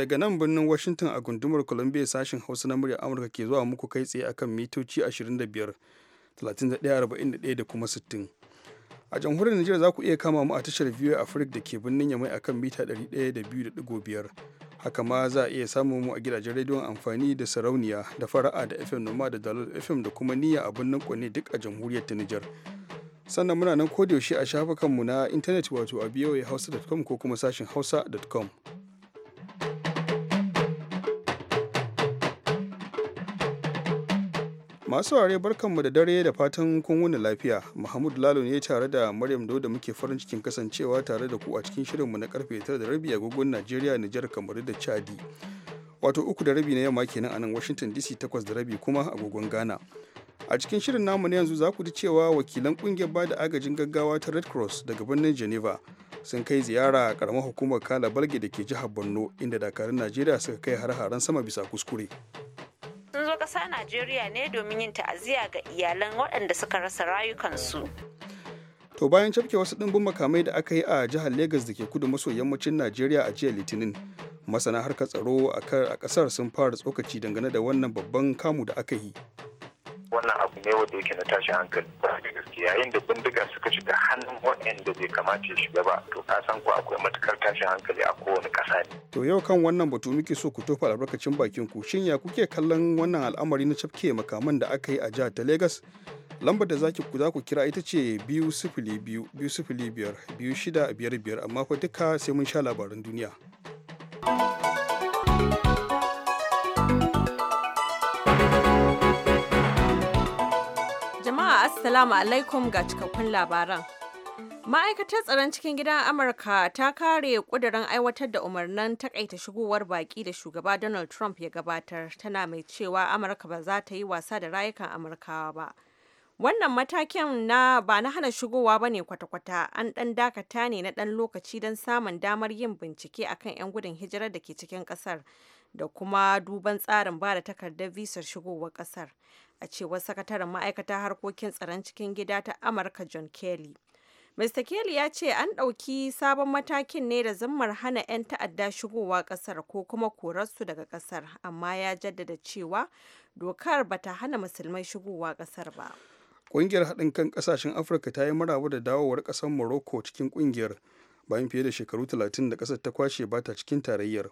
daga nan birnin Washington a gundumar Columbia sashen Hausa na muryar Amurka ke zuwa muku kai tsaye akan mitoci 25, 31, da kuma 60. A jamhuriyar Nijar za ku iya kama mu a tashar VOA Africa da ke birnin Yamai akan mita 102.5. Haka ma za a iya samun mu a gidajen rediyon amfani da sarauniya da fara'a da FM Noma da dalar FM da kuma niyya a birnin Kwane duk a jamhuriyar ta Nijar. sannan muna nan kodayaushe a shafukanmu na intanet wato a hausa.com ko kuma sashin hausa.com Masu ware barkanmu da dare da fatan kun wuni lafiya. Mahmud Lalo ne tare da Maryam da muke farin cikin kasancewa tare da ku a cikin shirinmu na karfe 9 da rabi agogon Najeriya, Nijar, kamar da Chadi. Wato uku da rabi na yamma kenan a nan Washington DC 8 da rabi kuma agogon Ghana. A cikin shirin namu na yanzu za ku ji cewa wakilan kungiyar bada agajin gaggawa ta Red Cross daga birnin Geneva sun kai ziyara a karamar hukumar Kala Balge da ke jihar Borno inda dakarun Najeriya suka kai har-haren sama bisa kuskure. ƙasa Najeriya ne domin yin ta'aziyya ga iyalan waɗanda suka rasa rayukansu. To bayan cafke wasu ɗimbin makamai da aka yi a jihar Legas da ke kudu maso yammacin Najeriya a jiya Litinin, masana harkar tsaro a ƙasar sun fara tsokaci dangane da wannan babban kamu da aka yi. wannan abu ne wanda yake na tashin hankali ba da gaske yayin da bindiga suka shiga hannun waɗanda bai kamata ya shiga ba to ka san ko akwai matukar tashin hankali a kowane ƙasa ne. to yau kan wannan batu muke so ku tofa albarkacin bakin ku shin ya kuke kallon wannan al'amari na cafke makaman da aka yi a jihar ta lagos lambar da zaki za ku kira ita ce biyu sifili biyu biyu sifili biyar biyu shida biyar biyar amma fa duka sai mun sha labaran duniya. thank you Assalamu alaikum ga cikakkun labaran. Ma'aikatar tsaron cikin gidan Amurka ta kare kudirin aiwatar da umarnin takaita shigowar baki da shugaba Donald Trump ya gabatar, tana mai cewa Amurka ba za ta yi wasa da rayukan Amurkawa ba. Wannan matakin na ba na hana shigowa ba ne kwata-kwata, an ɗan dakata ne na ɗan lokaci don samun damar yin bincike akan 'yan gudun hijirar da ke cikin ƙasar da kuma duban tsarin ba da takardar visar shigowar ƙasar. a cewar sakataren ma'aikatar harkokin tsaron cikin gida ta amurka john kelly mr kelly ya ce an ɗauki sabon matakin ne da zammar hana 'yan ta'adda shigowa ƙasar ko kuma korarsu daga ƙasar amma ya jaddada cewa dokar ba ta hana musulmai shigowa ƙasar ba ƙungiyar haɗin kan ƙasashen afirka ta yi maraba da dawowar ƙasar morocco cikin ƙungiyar bayan fiye da shekaru 30 da ƙasar ta kwashe ba ta cikin tarayyar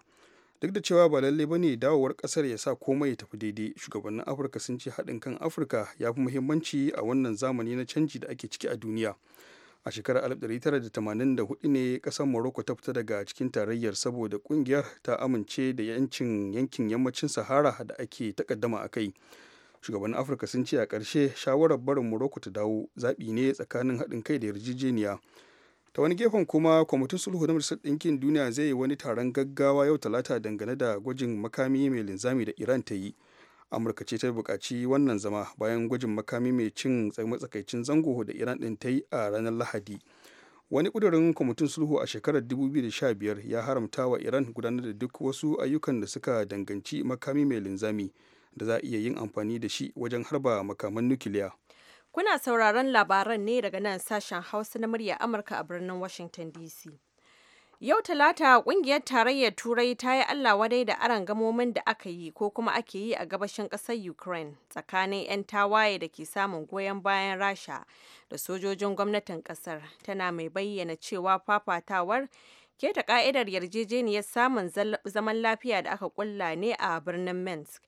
duk da cewa ba lalle ba ne dawowar kasar ya sa komai ya tafi daidai shugabannin afirka sun ce haɗin kan afirka ya fi muhimmanci a wannan zamani na canji da ake ciki a duniya a shekarar 1984 ne kasar morocco ta fita daga cikin tarayyar saboda kungiyar ta amince da yancin yankin yammacin sahara da ake takaddama a kai shugabannin afirka sun ce a ƙarshe shawarar barin morocco ta dawo zaɓi ne tsakanin haɗin kai da yarjejeniya ta wani gefen kuma kwamitin sulhu na majalisar ɗinkin duniya zai yi wani taron gaggawa yau talata dangane da gwajin makami mai linzami da iran ta yi amurka ce ta buƙaci wannan zama bayan gwajin makami mai cin matsakaicin zango da iran ɗin ta yi a ranar lahadi wani ƙudurin kwamitin sulhu a shekarar 2015 ya haramta wa iran gudanar da duk wasu ayyukan da suka danganci makami mai linzami da za a iya yin amfani da shi wajen harba makaman nukiliya Kuna sauraron labaran ne daga nan sashen Hausa na murya Amurka a birnin Washington DC. Yau Talata kungiyar tarayyar Turai ta yi Allah wadai da gamomin da aka yi ko kuma ake yi a gabashin ƙasar Ukraine tsakanin 'yan tawaye da ke samun goyon bayan Rasha da sojojin gwamnatin ƙasar tana mai bayyana cewa fafatawar keta ƙa'idar yarjejeniyar samun zaman lafiya da aka kulla ne a birnin Minsk.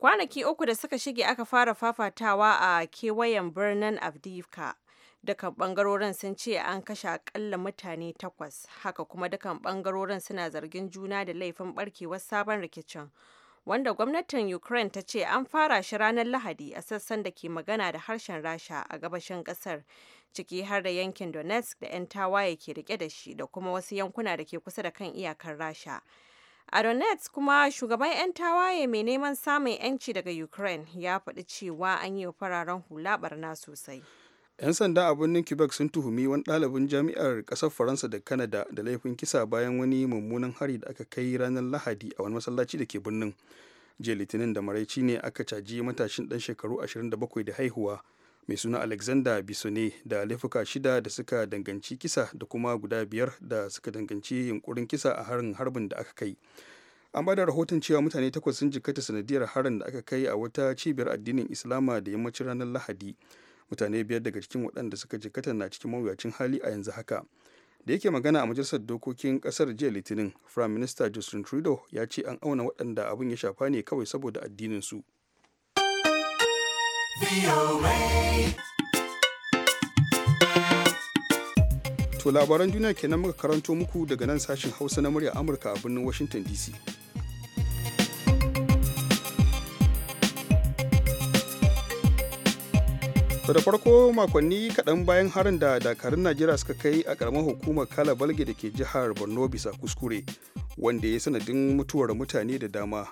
Kwanaki uku da suka shige aka fara fafatawa a kewayen birnin Avdiivka. Dukan bangarorin sun ce an kashe akalla mutane takwas, haka kuma dukan bangarorin suna zargin juna da laifin barkewar sabon rikicin. Wanda gwamnatin Ukraine ta ce an fara shi ranar Lahadi a sassan da ke magana da harshen Rasha a gabashin kasar, ciki har da yankin Donetsk da 'yan tawaye ke rike da shi da kuma wasu yankuna da ke kusa da kan iyakar Rasha. A Donetsk kuma shugaban 'yan tawaye mai neman samun 'yanci daga Ukraine ya faɗi cewa an yi wa fararen hula barna sosai. 'Yan sanda a birnin Quebec sun tuhumi wani ɗalibin jami'ar ƙasar Faransa da Canada da laifin kisa bayan wani mummunan hari da aka kai ranar Lahadi a wani masallaci da ke birnin. Jiya Litinin da Maraici ne aka caji matashin ɗan shekaru 27 da haihuwa mai suna alexander bisone da laifuka shida da suka danganci kisa da kuma guda biyar da suka danganci yunkurin kisa a harin harbin da aka kai an bada rahoton cewa mutane takwas sun jikkata sanadiyar harin da aka kai a wata cibiyar addinin islama da yammacin ranar lahadi mutane biyar daga cikin waɗanda suka jikkata na cikin mawuyacin hali a yanzu haka da yake magana a majalisar dokokin kasar jiya litinin prime minister justin trudeau ya ce an auna waɗanda abin ya shafa ne kawai saboda addinin su To labaran duniya kenan muka karanto muku daga nan sashen Hausa na murya Amurka a birnin Washington DC. To da farko makonni kaɗan bayan harin da dakarun Najeriya suka kai a ƙaramin hukumar Kala Balge da ke jihar Borno bisa kuskure wanda ya sanadin mutuwar mutane da dama.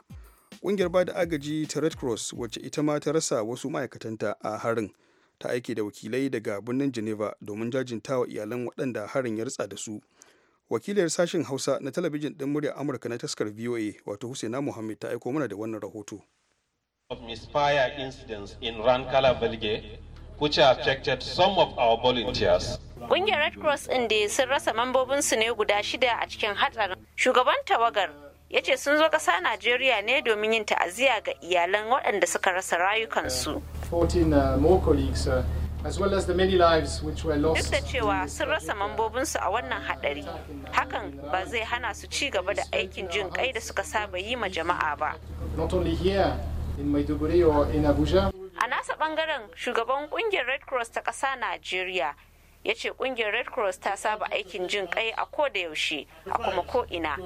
kungiyar ba da agaji ta Red Cross wacce ita ma ta rasa wasu ma'aikatanta a harin ta aiki da wakilai daga birnin Geneva domin jajinta wa iyalan waɗanda harin ya rutsa da su. Wakilar sashen Hausa na talabijin ɗin murya Amurka na taskar VOA wato Husaina Muhammad ta aiko mana da wannan rahoto. Of misfire incidents in Rankala Belge which affected some of our volunteers. Ƙungiyar Red Cross ɗin da sun rasa mambobinsu ne guda shida a cikin hatsarin. Shugaban tawagar ya ce sun zo ƙasa najeriya ne domin yin ta'aziyya ga iyalan waɗanda suka rasa rayukansu uh, uh, Duk da cewa sun rasa uh, mambobinsu a wannan haɗari, hakan ba zai hana su ci gaba da aikin jin kai da suka saba yi ma jama'a ba. A nasa ɓangaren shugaban ƙungiyar Red Cross ta ƙasa Najeriya ya ce kungiyar red cross ta saba aikin jin kai a ko da yaushe a kuma ko ina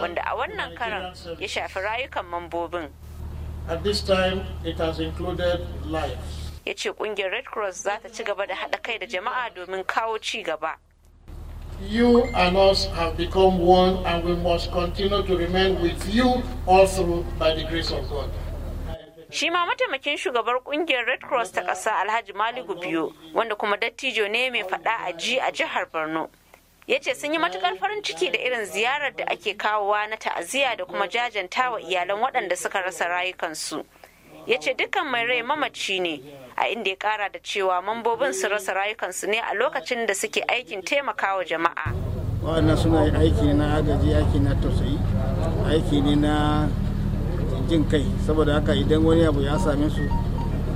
wanda a wannan karan ya shafi rayukan mambobin ya ce kungiyar red cross za ta ci gaba da haɗa kai da jama'a domin kawo ci gaba You and us have become one and we must continue to remain with you all through by the grace of God. shi ma mataimakin shugabar kungiyar red cross ta ƙasa alhaji maligu biyu wanda kuma dattijo ne mai faɗa a ji a jihar borno ya ce sun yi matukar farin ciki da irin ziyarar da ake kawowa na ta'aziyya da kuma jajanta wa iyalan waɗanda suka rasa rayukansu ya ce dukkan mai rai mamaci ne a inda ya kara da cewa mambobin su rasa rayukansu ne a lokacin da suke aikin taimakawa jama'a waɗannan suna aiki na agaji aiki na tausayi aiki ne na jin kai saboda haka idan wani abu ya same su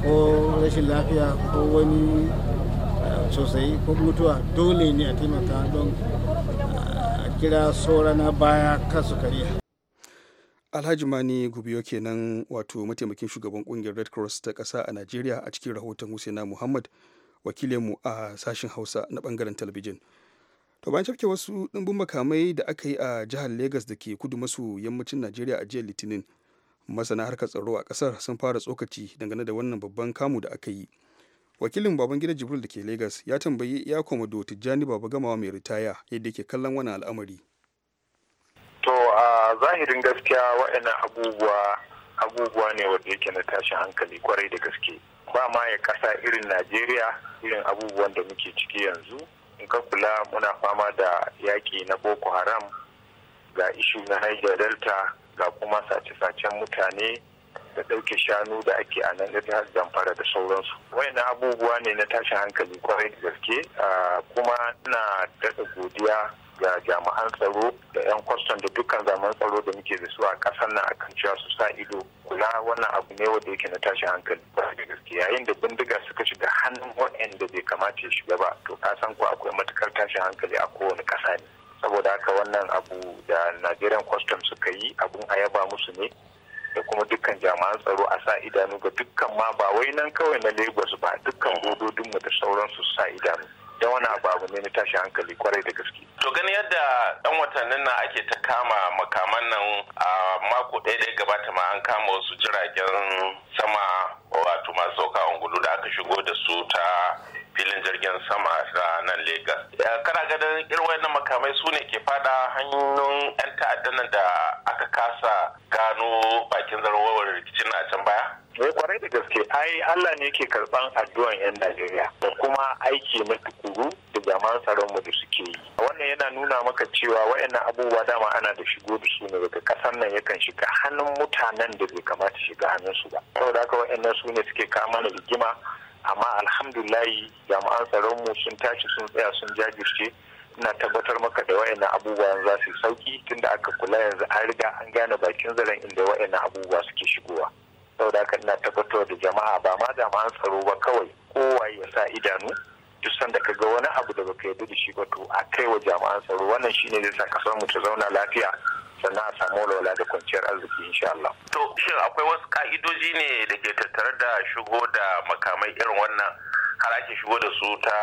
ko rashin lafiya ko wani eh, sosai ko mutuwa dole ne a taimaka don eh, a kira saura na baya kasu kariya alhaji mani gubiyo kenan wato mataimakin shugaban kungiyar red cross ta kasa a najeriya a cikin rahoton husaina muhammad wakilinmu a sashen hausa na bangaren talabijin to bayan cafke wasu ɗumbin makamai da aka yi a jihar lagos da ke kudu maso yammacin najeriya a jiya litinin masana harkar tsaro a kasar sun fara tsokaci dangane da wannan babban kamu da aka yi wakilin baban gida jibril da ke lagos ya tambayi ya koma do tijjani baba gamawa mai ritaya yadda ke kallon wani al'amari to a zahirin gaskiya waɗannan abubuwa abubuwa ne wanda yake na tashin hankali kwarai da gaske ba ma ya kasa irin najeriya irin abubuwan da muke ciki yanzu in ka kula muna fama da yaƙi na boko haram ga ishu na niger delta ga kuma sace-sacen mutane da ɗauke shanu da ake a nan jihar zamfara da sauransu wayannan abubuwa ne na tashin hankali kwarai da gaske kuma na daɗa godiya ga jami'an tsaro da 'yan kwastan da dukkan zaman tsaro da muke da su a ƙasar nan akan cewa su sa ido kula wannan abu ne wanda yake na tashin hankali kwarai da gaske yayin da bindiga suka shiga hannun wa'anda bai kamata ya shiga ba to ka san ko akwai matukar tashin hankali a kowane ƙasa ne saboda haka wannan abu da nigerian custom suka yi abun a yaba musu ne da kuma dukkan jami'an tsaro a sa idanu ga dukkan ma ba wai nan kawai na lagos ba dukkan bododinmu da sauransu sa idanu da wani abu ne na tashi hankali kwarai da gaske. To gani yadda ɗan watannin nan ake ta kama makaman nan a mako ɗaya da gabata ma an kama wasu jiragen sama wato masu sauka ungulu da aka shigo da su ta filin jirgin sama na nan Legas. Kana ganin irin wannan makamai su ne ke fada hanyoyin 'yan ta'addan da aka kasa gano bakin zarwawar rikicin na can baya? Me eh, kwarai da gaske ai Allah ne ke karban addu'an 'yan Najeriya da kuma aiki na tukuru da zaman tsaron mu da suke yi. Wannan yana nuna maka cewa wa'in abubuwa dama ana da shigo da su ne daga kasar nan yakan shiga hannun mutanen da bai kamata shiga hannun su ba. Saboda haka wayannan su ne suke kama da rigima amma alhamdulahi jami'an mu sun tashi sun tsaya sun jajirce ina tabbatar maka da wayannan abubuwan za su sauki tunda aka kula yanzu an riga an gane bakin zaren inda wayannan abubuwa suke shigowa saboda haka ina tabbatar da jama'a ba ma jama'an tsaro ba kawai kowa ya sa idanu duk sanda ka ga wani abu da baka yarda da shi ba to a kai wa jami'an tsaro wannan shine zai sa kasar mu ta zauna lafiya sannan a samu walwala da kwanciyar arziki insha Allah. To shin akwai wasu ka'idoji ne da ke tattare da shigo da makamai irin wannan harakin ke shigo da su ta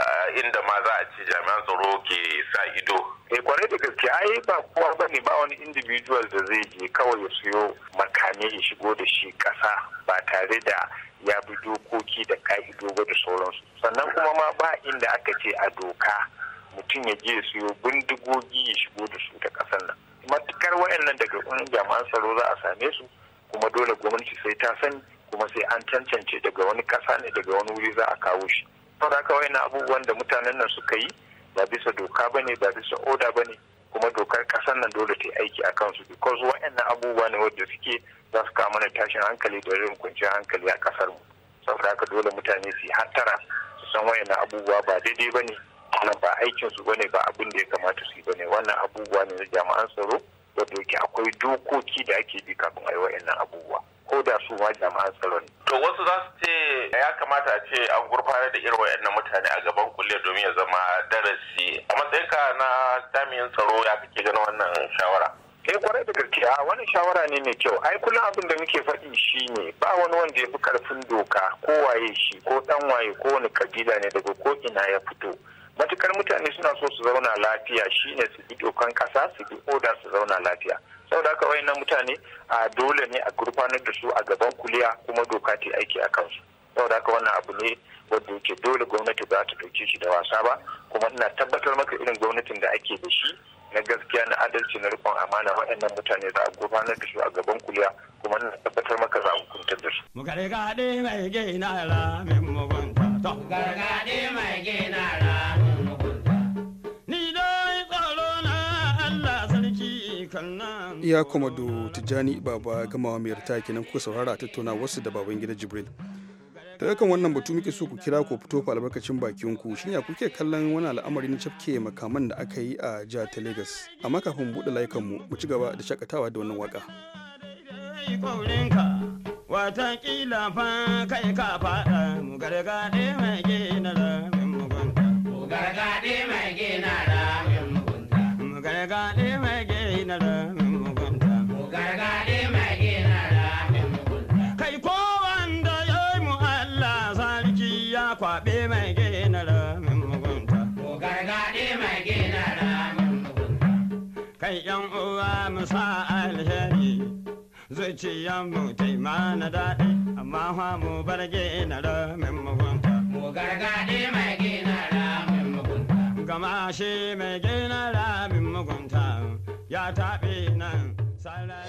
eh, inda ma za a ci jami'an tsaro ke sa ido. E kwarai da gaske ai ba kowa ba ne ba wani individual da zai je kawai ya siyo makami ya shigo da shi kasa ba tare da ya bi dokoki da ka'ido ba da sauransu. Sannan kuma ma ba inda aka ce a doka mutum ya je siyo bindigogi ya shigo da su ta kasar nan. matukar wayannan daga jami'an tsaro za a same su kuma dole gwamnati sai ta san kuma sai an cancance daga wani kasa ne daga wani wuri za a kawo shi saboda haka wayannan abubuwan da mutanen nan suka yi ba bisa doka bane ba bisa oda bane kuma dokar kasar nan dole ta yi aiki a kansu because wayannan abubuwa ne wadda suke za su kawo mana tashin hankali da rin kwanciyar hankali a kasar mu saboda haka dole mutane su yi hattara su san wayannan abubuwa ba daidai bane wannan ba aikin su bane ba abin da ya kamata su yi bane wannan abubuwa ne na jami'an tsaro wanda yake akwai dokoki da ake bi kafin a yi wa'annan abubuwa ko da su ma jami'an tsaro ne. to wasu za su ce ya kamata a ce an gurfana da irin wa'annan mutane a gaban kulle domin ya zama darasi a matsayinka na jami'in tsaro ya kake ganin wannan shawara. eh kwarai da gaske wani shawara ne mai kyau ai kullum abin da muke faɗi shine ba wani wanda ya fi karfin doka ko waye shi ko dan waye ko wani kabila ne daga ko ina ya fito matukar mutane suna so su zauna lafiya shine su bi dokan kasa su bi oda su zauna lafiya saboda haka wayannan mutane a dole ne a gurfanar da su a gaban kuliya kuma doka ta aiki a kansu saboda haka wannan abu ne wanda yake dole gwamnati ba ta dauke shi da wasa ba kuma ina tabbatar maka irin gwamnatin da ake da shi na gaskiya na adalci na rikon amana waɗannan mutane za a gurfanar da su a gaban kuliya kuma ina tabbatar maka za a hukuntar da su. Mu gargaɗe mai gina ra mai mugunta. Gargaɗe mai gina ra mariya komodo tijjani baba gamawa mai rita kenan kuka saurara tattauna wasu da baban gida jibril ta kan wannan batu muke so ku kira ku fito fa albarkacin bakin ku shin ya kuke kallon wani al'amari na cafke makaman da aka yi a jihar ta lagos amma kafin buɗe layukan mu mu ci gaba da shakatawa da wannan waka gargaɗe mai gina ramin mugunta. gargaɗe mai gina ramin gargaɗe mai mugunta. Kai ‘yan uwa mu sa alheri, zuciyarmu ta yi daɗi, amma fa mu bar gina ramin mugunta. Ko gargaɗe mai gina ramin mugunta. Gama shi mai gina ramin mugunta ya taɓe nan. Sarai.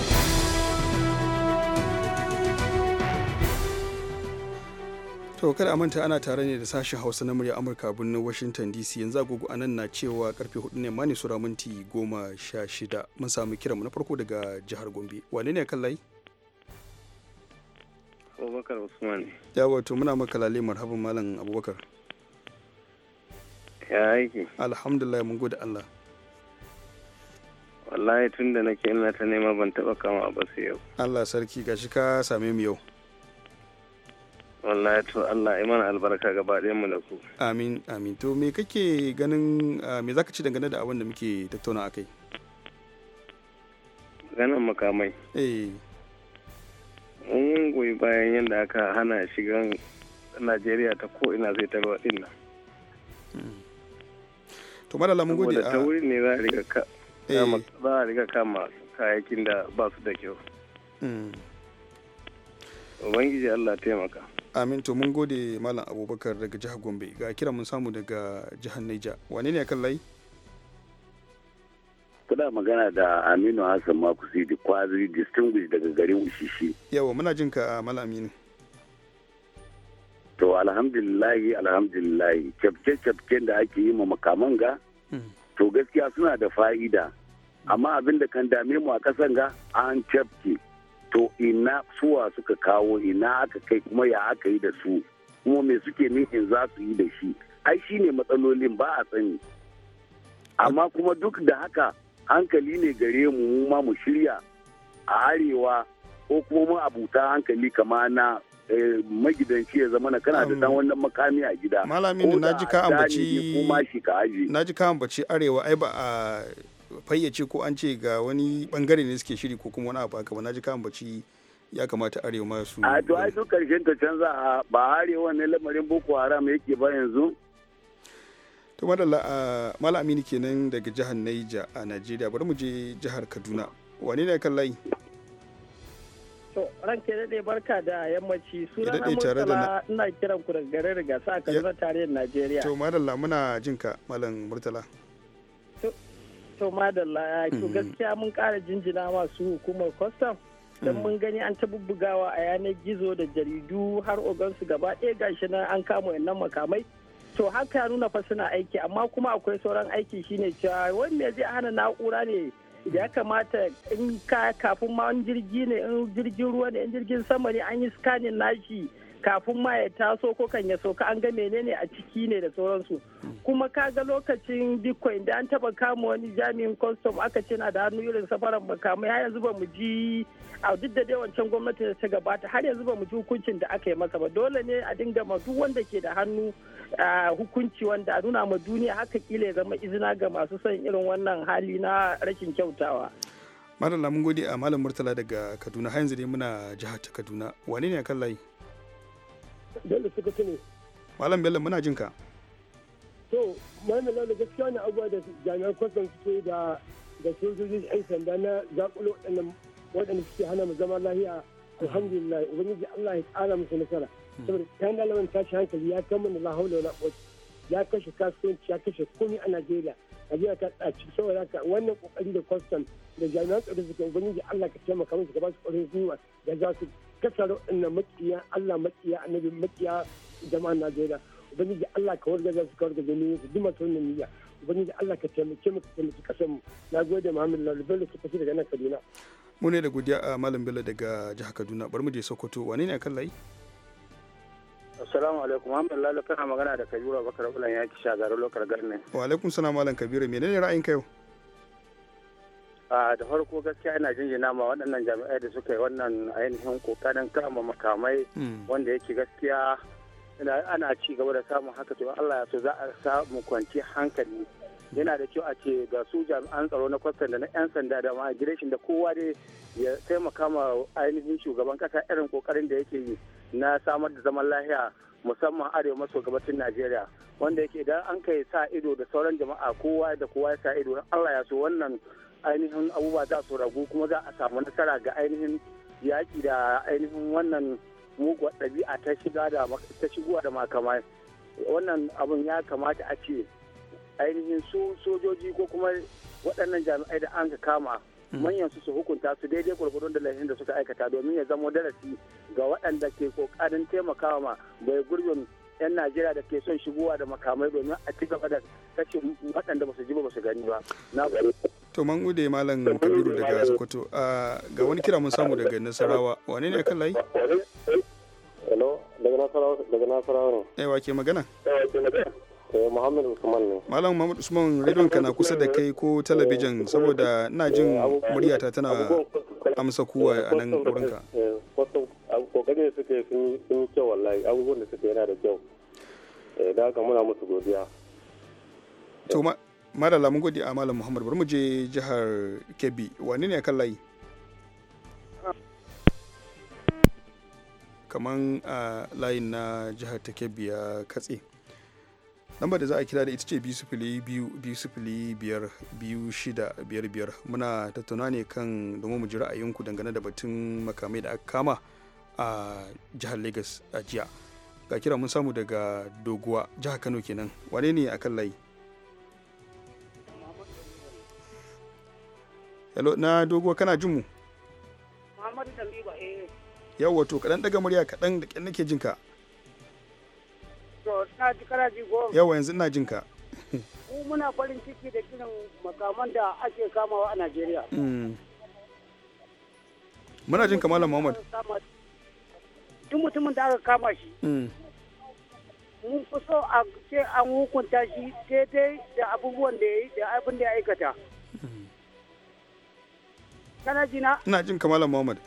To kada a manta ana tare ne da sashen Hausa na murya Amurka birnin Washington DC yanzu agogo a nan na cewa karfe 4 ne ma ne sura minti shida mun samu kiranmu na farko daga jihar Gombe. Wane ne kallai Abubakar Usman. Ya wato muna maka lale marhaban malam Abubakar. Ya aiki. Alhamdulillah mun gode Allah. Wallahi tun da nake ina ta nema ban taba kama ba sai yau. Allah sarki gashi ka same mu yau. wallahi to Allah ya mana albarka gaba ɗayan mu da ku amin amin to me kake ganin ah, me zaka ci dangane da abin da muke tattauna akai ganin makamai eh mun goyi bayan yadda aka hana shigan Najeriya ta ko ina zai tarwa din nan hmm. to madalla mun gode a ah, wuri ne za a riga ka eh. za a riga kama kayakin da ba su da kyau hmm. ubangiji Allah taimaka amin mun gode malam abubakar daga jihar gombe ga kira mun samu daga jihar naija wane ne kan layi kuna magana da aminu hassan makusi da kwazi distinguish daga garin ushishi yawa muna jin ka malam aminu to alhamdulillahi alhamdulillahi cafke-cafken da ake yi ma makaman ga hmm. to gaskiya suna da fa'ida amma abin da kan dame mu a kasan ga an cafke to ina suwa suka kawo ina aka kai kuma ya aka yi da su kuma me suke nufin za su yi da shi ai shi ne matsalolin ba a sani amma kuma duk da haka hankali ne gare mu mu ma mu shirya a arewa ko kuma mu abuta hankali kama na eh, magidanci ya zama na kana da dan wannan makami a gida malamin na ji ka ambaci na ji ka ambaci arewa ai ba a fayyace ko an ce ga wani bangare ne suke shiri ko kuma wani abu haka ba na ji kama bacci ya kamata arewa ma su a to ai duk karshen ta canza a ba arewa ne lamarin boko haram yake ba yanzu to madalla a malam amini kenan daga jihar naija a najeriya bari mu je jihar kaduna wane ne kan layi To ranke daɗe barka da yammaci suna na Murtala ina kiran ku daga garin riga sa Kaduna tarihin Najeriya. To madalla muna jinka Malam Murtala. da madalla to mhm. gaskiya mun kara jinjina masu hukumar kwastam don mhm. mun gani an ta bubbugawa a yanar gizo da jaridu har ogansu gaba ɗaya gashi nan an kama wannan makamai to haka ya nuna fa suna aiki amma kuma akwai sauran aiki shine cewa wani me zai hana na'ura ne ya kamata in ka kafin ma jirgi ne in jirgin ruwa ne in jirgin sama ne an yi scanning nashi kafin ma ya taso ko kan ya soka an ga menene a ciki ne da sauransu kuma ka ga lokacin bitcoin da an taba kama wani jami'in custom aka ce na da hannu irin safaran makamai har yanzu ba mu ji a duk da wancan gwamnati da ta gabata har yanzu ba mu ji hukuncin da aka yi masa ba dole ne a dinga ma duk wanda ke da hannu hukunci wanda a nuna ma duniya haka kila ya zama izina ga masu son irin wannan hali na rashin kyautawa. Malam mun gode a Malam Murtala daga Kaduna har yanzu muna jihar ta Kaduna wane ne a kan layi? Bello suka ne. Malam Bello muna jin ka. To, malam Bello gaskiya ne abuwa da jami'an kwastan suke da da sojoji ɗan sanda na waɗannan waɗanda suke hana mu zama lahiya alhamdulillah ubangiji Allah ya ƙara musu nasara hmm. saboda kayan dalaman tashi hankali ya kama da la haula ya kashe kasuwanci ya kashe komi a Najeriya Najeriya ta tsaci saboda haka wannan ƙoƙari da kwastam da jami'an tsaro suke ubangiji Allah ka taimaka musu ka ba su ƙwarin gwiwa da za su kasar na makiya Allah makiya annabi makiya jama'an Najeriya ubangiji Allah ka wargaza su ka wargaza ne su duma su wannan niyya ubangiji Allah ka taimake mu ka taimake kasar mu nagode Muhammad Lalu Bello ka tafi daga nan Kaduna mu ne da godiya a Malam Bello daga jihar Kaduna bari mu je Sokoto wane ne kan layi Assalamu alaikum Muhammad Lalu kana magana da Kabiru Bakar ya ki shagarar lokar garne Wa alaikum salam Malam Kabiru menene ra'ayin ka yau da farko gaskiya ina jinjina ma waɗannan jami'ai da suka yi wannan ainihin kokarin kama makamai hmm. wanda yake gaskiya ana ci gaba da samun haka to Allah ya so za a samu kwanci hankali yana da kyau a ce ga su jami'an tsaro na kwastan da na 'yan sanda da ma gireshin da kowa dai ya taimaka ma ainihin shugaban kasa irin kokarin da yake yi na samar da zaman lahiya musamman arewa maso gabashin najeriya wanda yake idan an kai sa ido da sauran jama'a kowa da kowa ya sa ido Allah ya so wannan ainihin abubuwa za su ragu kuma za a samu nasara ga ainihin yaƙi da ainihin wannan mugu ɗabi'a ta shiga da ta shigowa da makamai wannan abun ya kamata a ce ainihin su sojoji ko kuma waɗannan jami'ai da an ka kama hmm. manyan su su hukunta su daidai gwargwadon da laifin da suka aikata domin ya zama darasi ga waɗanda ke kokarin taimakawa ma bai gurbin 'yan Najeriya da ke son shigowa da makamai domin a ci gaba da kashe waɗanda ba su ji ba su gani ba. Na to man gode malam kabiru daga sokoto ah, ga wani kira mun samu daga nasarawa wane ne kan layi daga nasarawa ne eh ke magana eh, eh, Muhammad Usman ne. Malam Muhammad Usman rediyon ka na kusa da kai ko talabijin saboda na jin eh, muryata tana amsa kuwa a nan wurinka. Kokarin suke sun yi kyau wallahi abubuwan da suke yana da kyau. Da haka muna musu godiya. madalla mun gode a malam muhammad bari mu je jihar kebbi wani ne kan layi kaman a layin na jihar ta kebbi ya katse lambar da za a kira da ita ce biyu sifili biyu biyu sifili biyar biyu shida biyar biyar muna tattauna ne kan domin mu ji ra'ayinku dangane da batun makamai da aka kama a jihar lagos a jiya ga kira mun samu daga doguwa jihar kano kenan wane ne akan layi hello na doguwa kana jin mu muhammadu tambiba eh yau to kaɗan daga murya kaɗan da kin nake jinka to na ji kana ji go yau yanzu ina jinka mu muna farin ciki da kiran makaman da ake kamawa a najeriya hmm. muna jin kamalan muhammad duk mutumin da aka kama shi hmm. mun fi so a ce an hukunta shi daidai da abubuwan da ya yi da abin da ya aikata kana jina ina jin kamala muhammad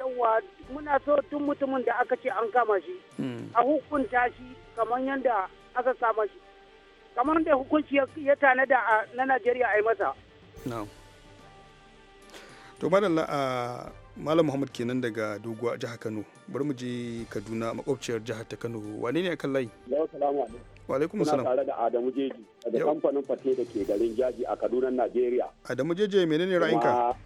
Yawwa muna so tun mutumin da aka ce an kama shi hmm. a hukunta shi kamar yadda aka kama shi kamar da hukunci ya tanada na najeriya a yi masa to madalla a malam muhammad kenan daga doguwa jihar kano bari mu je kaduna makwabciyar jihar ta kano wane ne a kan layi Wa alaikum salam. tare da Adamu Jeji daga kamfanin fate da ke garin Jaji a Kaduna Najeriya. Adamu Jeji menene ra'ayinka?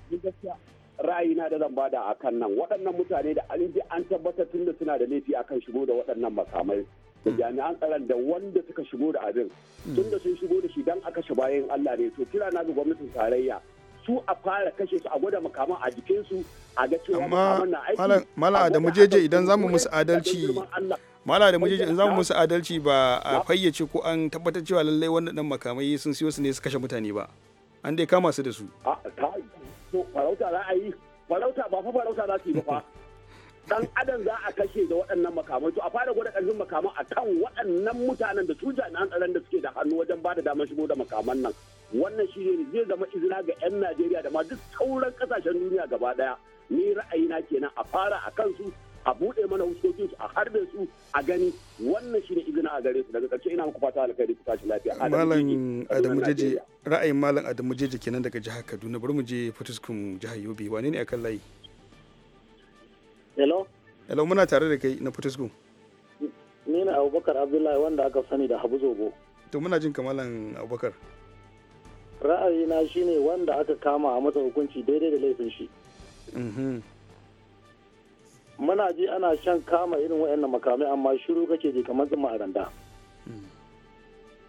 ra'ayina da zan bada a kan nan waɗannan mutane da an ji an tabbatar tun da suna da laifi akan shigo da waɗannan makamai da hmm. jami'an tsaron da wanda suka shigo da abin hmm. tun da sun shigo da shi dan aka shi bayan Allah ne to kira na ga gwamnatin tarayya su a fara kashe su a gwada makaman a jikinsu a ga cewa makaman na aiki amma mala da mujeje idan zamu musu adalci mala da mujeji in za mu musu adalci ba a fayyace ko an tabbatar cewa lallai wannan dan makamai sun siyo su ne su kashe mutane ba an dai kama su da su farauta za a yi farauta ba fa farauta za su yi ba dan adam za a kashe da waɗannan makamai to a fara gwada ƙarfin makaman a kan waɗannan mutanen da su jami'an tsaron da suke da hannu wajen ba da damar shigo da makaman nan wannan shi ne zai zama izina ga 'yan najeriya da ma duk sauran kasashen duniya gaba ɗaya ni ra'ayina kenan a fara a kansu a buɗe mana wuskokin su a harbe su a gani wannan shine izina a gare su daga ƙarshe ina muku fata alkhairi ku tashi lafiya malam Adamu Jeje ra'ayin malam Adamu Jeje kenan daga jihar Kaduna bari mu je fotiskum jihar Yobe wane ne akan layi Hello Hello muna tare da kai na fotiskum Ni ne Abubakar Abdullahi wanda aka sani da Habu Zogo To muna jin kamalan Abubakar ra'ayina shine wanda aka kama a masa hukunci daidai da laifin shi mhm. muna ji ana shan kama irin waɗannan makamai amma shiru kake ji kamar zuma a randa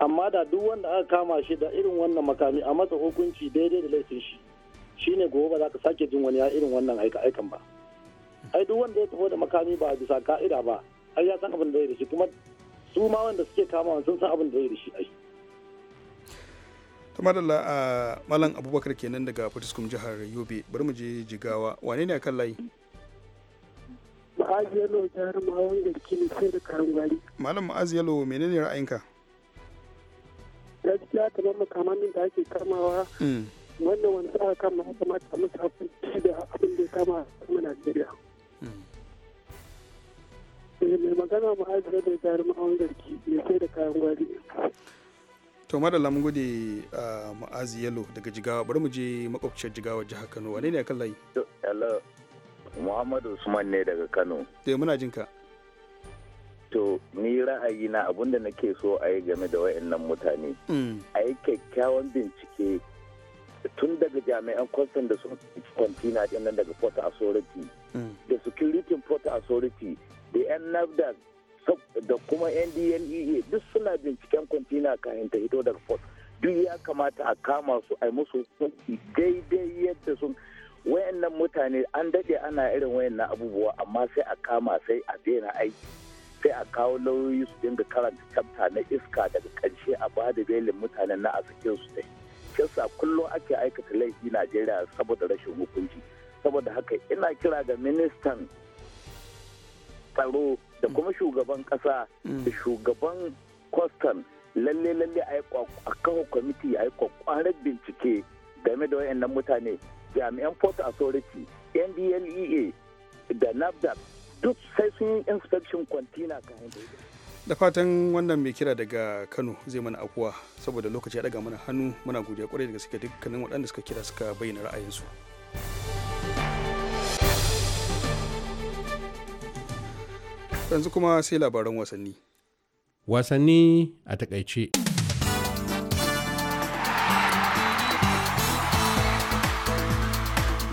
amma da duk wanda aka kama shi da irin wannan makami a masa hukunci daidai da laifin shi shine gobe ba za ka sake jin wani ya irin wannan aikan ba ai duk wanda ya tafi da makami ba bisa ka'ida ba ai ya san abin da ya da shi kuma su ma wanda suke kama sun san abin da ya da shi ai kamar da ah, malam abubakar kenan daga fatiskum jihar yobe bari mu je jigawa wane ne a kan layi ma'az yalo jarumawan garki ne sai da karan malam ma'az yalo menene ra'ayinka gaskiya kamar makamanin da ake kamawa mm. wannan wani sa'a kama ya kamata a musu hukunci da abin da ya kama kuma najeriya mm. eh, mai magana ma'az yalo jarumawan garki ne sai da karan gwari to madalla mun gode ah, ma'az yalo daga jigawa bari mu je makwabciyar jigawa jihar kano wane ne a kan layi Muhammadu Usman ne daga Kano. Te muna jin ka. To ni ra'ayi na abinda nake so a yi game da wayannan mutane. Mm. A yi kyakkyawan bincike tun daga jami'an kwastan da sun kwantina din nan daga Port Authority mm. da Security Port Authority da 'yan NAFDAC da kuma NDLEA duk suna binciken kwantina kayan ta hito daga Port. Duk ya kamata a kama su a yi musu daidai yadda sun wayannan mutane an daɗe ana irin wayannan abubuwa amma sai a kama sai a daina aiki sai a kawo lauyoyi su dinga karanta tabta na iska daga ƙarshe a ba da belin mutanen na a sake su dai kisa kullum ake aikata laifi najeriya saboda rashin hukunci saboda haka ina kira ga ministan tsaro da kuma shugaban ƙasa da shugaban kwastan lalle lalle a kawo kwamiti a yi kwakwarar bincike game da wayannan mutane jami'an port authority ndlea da nafdac duk sai sun yi inspection container kayan da da fatan wannan mai kira daga kano zai mana akuwa saboda lokaci ya daga mana hannu muna godiya kwarai daga gaske dukkanin waɗanda suka kira suka bayyana ra'ayinsu yanzu kuma sai labaran wasanni wasanni a takaice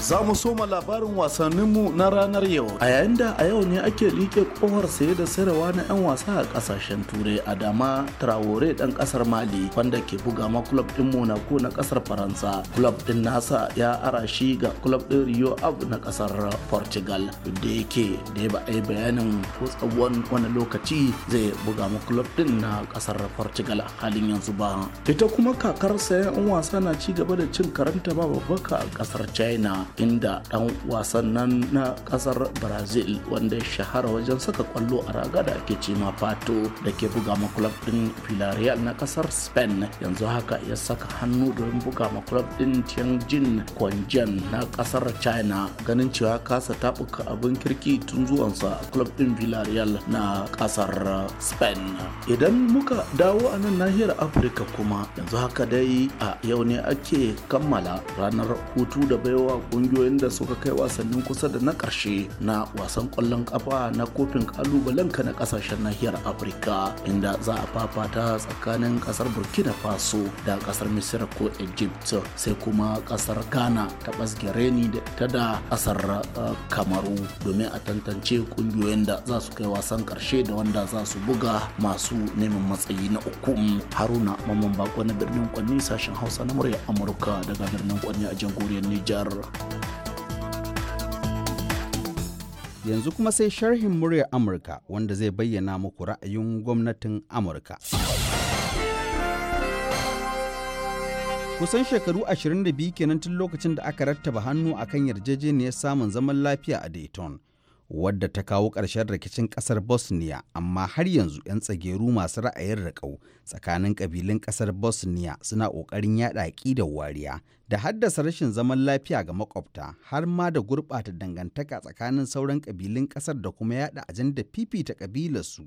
za mu soma labarin wasanninmu na ranar yau a yayin da a yau ne ake rike kofar saye da sayarwa na 'yan wasa a ƙasashen turai a dama traore dan ƙasar mali wanda ke buga ma kulab din monaco na ƙasar faransa kulab din nasa ya ara shi ga kulab din rio ab na ƙasar portugal duk da yake da ba a yi bayanin ko tsawon wani lokaci zai buga ma kulab din na ƙasar portugal a halin yanzu ba ita kuma kakar sayan 'yan wasa na ci gaba da cin karanta ba babbaka a ƙasar china inda dan wasan nan na kasar brazil wanda ya shahara wajen saka kwallo a raga da ake ce ma fato da ke buga ma club din villarreal na kasar spain yanzu haka ya saka hannu don buga ma club din tianjin kwanjian na kasar china ganin cewa kasa tabuka abin kirki tun zuwansa a club din villarreal na kasar spain idan muka dawo a nan nahiyar afirka kuma yanzu haka dai a yau ne ake kammala ranar hutu da baiwa kungiyoyin da suka kai wasannin kusa da na ƙarshe na wasan ƙwallon ƙafa na kofin ƙalubalenka na ƙasashen nahiyar afirka inda za a fafata tsakanin ƙasar burkina faso da ƙasar misir ko egypt sai kuma ƙasar ghana ta basgereni da ta da ƙasar eh, kamaru domin a tantance ƙungiyoyin da za su kai wasan ƙarshe da wanda za su buga masu neman matsayi na uku haruna mamman bako na birnin kwanni sashen hausa na murya amurka daga birnin kwanni a jamhuriyar nijar Yanzu kuma sai sharhin muryar Amurka wanda zai bayyana muku ra'ayin gwamnatin Amurka. Kusan shekaru 22 kenan tun lokacin da aka rattaba hannu akan yarjejeniyar samun zaman lafiya a Dayton. wadda ta kawo ƙarshen rikicin ƙasar bosnia amma har yanzu 'yan tsageru masu ra'ayin raƙau tsakanin ƙabilun ƙasar bosnia suna ƙoƙarin yaɗa da wariya da haddasa rashin zaman lafiya ga makwabta har ma da gurɓata dangantaka tsakanin sauran ƙabilun ƙasar da kuma yaɗa ajanda fifita ƙabilarsu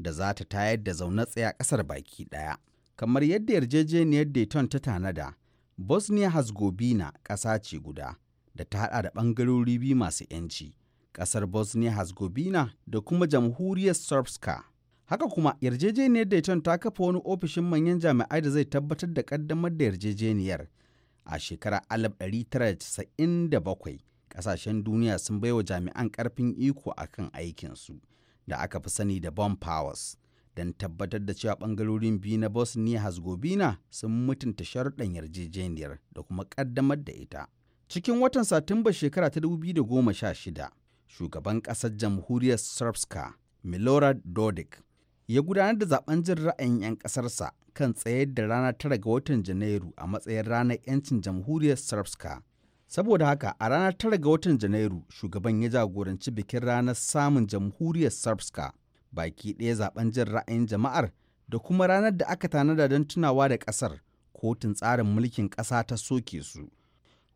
da za ta tayar da zaune tsaya ƙasar baki ɗaya kamar yadda yarjejeniyar dayton ta tanada bosnia herzegovina ƙasa ce guda da ta haɗa da ɓangarori biyu masu 'yanci ƙasar Bosnia-Herzegovina da kuma jamhuriyar Srpska. Haka kuma yarjejeniyar Dayton ta kafa wani ofishin manyan jami'ai da zai tabbatar da ƙaddamar da yarjejeniyar. A shekarar 1997, ƙasashen duniya sun baiwa jami'an ƙarfin iko a akan aikinsu da aka fi sani da bomb powers. don tabbatar da cewa bangarorin biyu na bosnia herzegovina sun mutunta sharuɗan yarjejeniyar da kuma ƙaddamar da ita cikin watan satumba shekara ta 2016 shugaban ƙasar jamhuriyar srpska milorad dodik ya gudanar da zaben jin ra'ayin 'yan ƙasarsa kan tsayar da rana tara ga watan janairu a matsayin ranar 'yancin jamhuriyar srpska saboda haka a ranar tara ga watan janairu shugaban ya jagoranci bikin ranar samun jamhuriyar srpska baki ɗaya zaben jin ra'ayin jama'ar da kuma ranar da aka tanada don tunawa da ƙasar kotun tsarin mulkin ƙasa ta soke su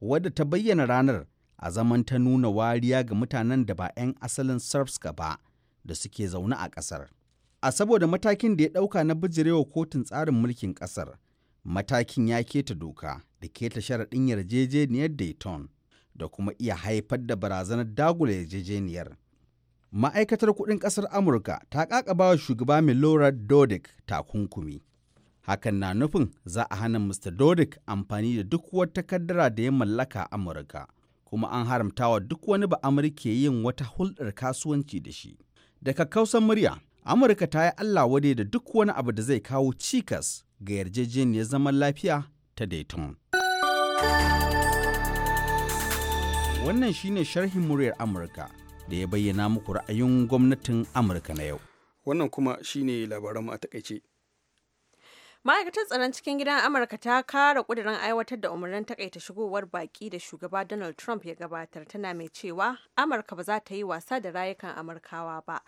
wadda ta bayyana ranar a zaman ta nuna wariya ga mutanen da ba 'yan asalin serbska ba da suke zaune a ƙasar. A saboda matakin da ya ɗauka na bijirewa kotun tsarin mulkin ƙasar, matakin ya keta doka da keta sharaɗin yarjejeniyar Dayton da kuma iya haifar da barazanar dagula yarjejeniyar. Ma'aikatar kuɗin ƙasar Amurka ta ƙaƙaba wa shugaba Milora Dodik takunkumi. Hakan na nufin za a hana Mr. Dodik amfani da duk wata kaddara da ya mallaka Amurka. kuma an haramta wa duk wani ba Amurka yin wata hulɗar kasuwanci da shi da kakkausan murya amurka ta yi allah wade da duk wani abu da zai kawo cikas ga yarjejeniyar zaman lafiya ta dayton wannan shine sharhin muryar amurka da ya bayyana muku ra'ayin gwamnatin amurka na yau wannan kuma shine labaran a takaice ma'aikatar tsaron cikin gidan amurka ta kara kudirin aiwatar da umarnin takaita shigowar baki da shugaba donald trump ya gabatar tana mai cewa amurka ba za ta yi wasa da rayukan amurkawa ba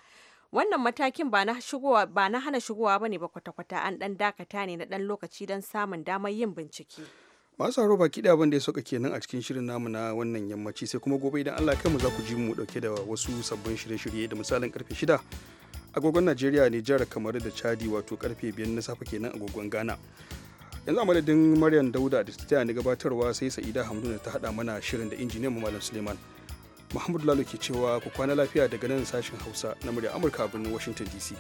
wannan matakin ba na shigowa ba ne hana shigowa ba kwata-kwata an dan dakata ne na dan lokaci don samun damar yin bincike masu haro baki da abin da ya soka kenan a cikin shirin namu na wannan yammaci sai kuma gobe idan Allah kai mu za ku ji mu dauke da wasu sabbin shirye-shirye da misalin karfe shida agogon najeriya ne jihar kamaru da chadi wato karfe biyar na safe kenan agogon ghana yanzu a madadin maryam dauda da ta ni gabatarwa sai sa'ida hamduna ta hada mana shirin da injiniyan malam suleiman muhammadu lalo ke cewa ku kwana lafiya daga nan sashen hausa na murya amurka a birnin washington dc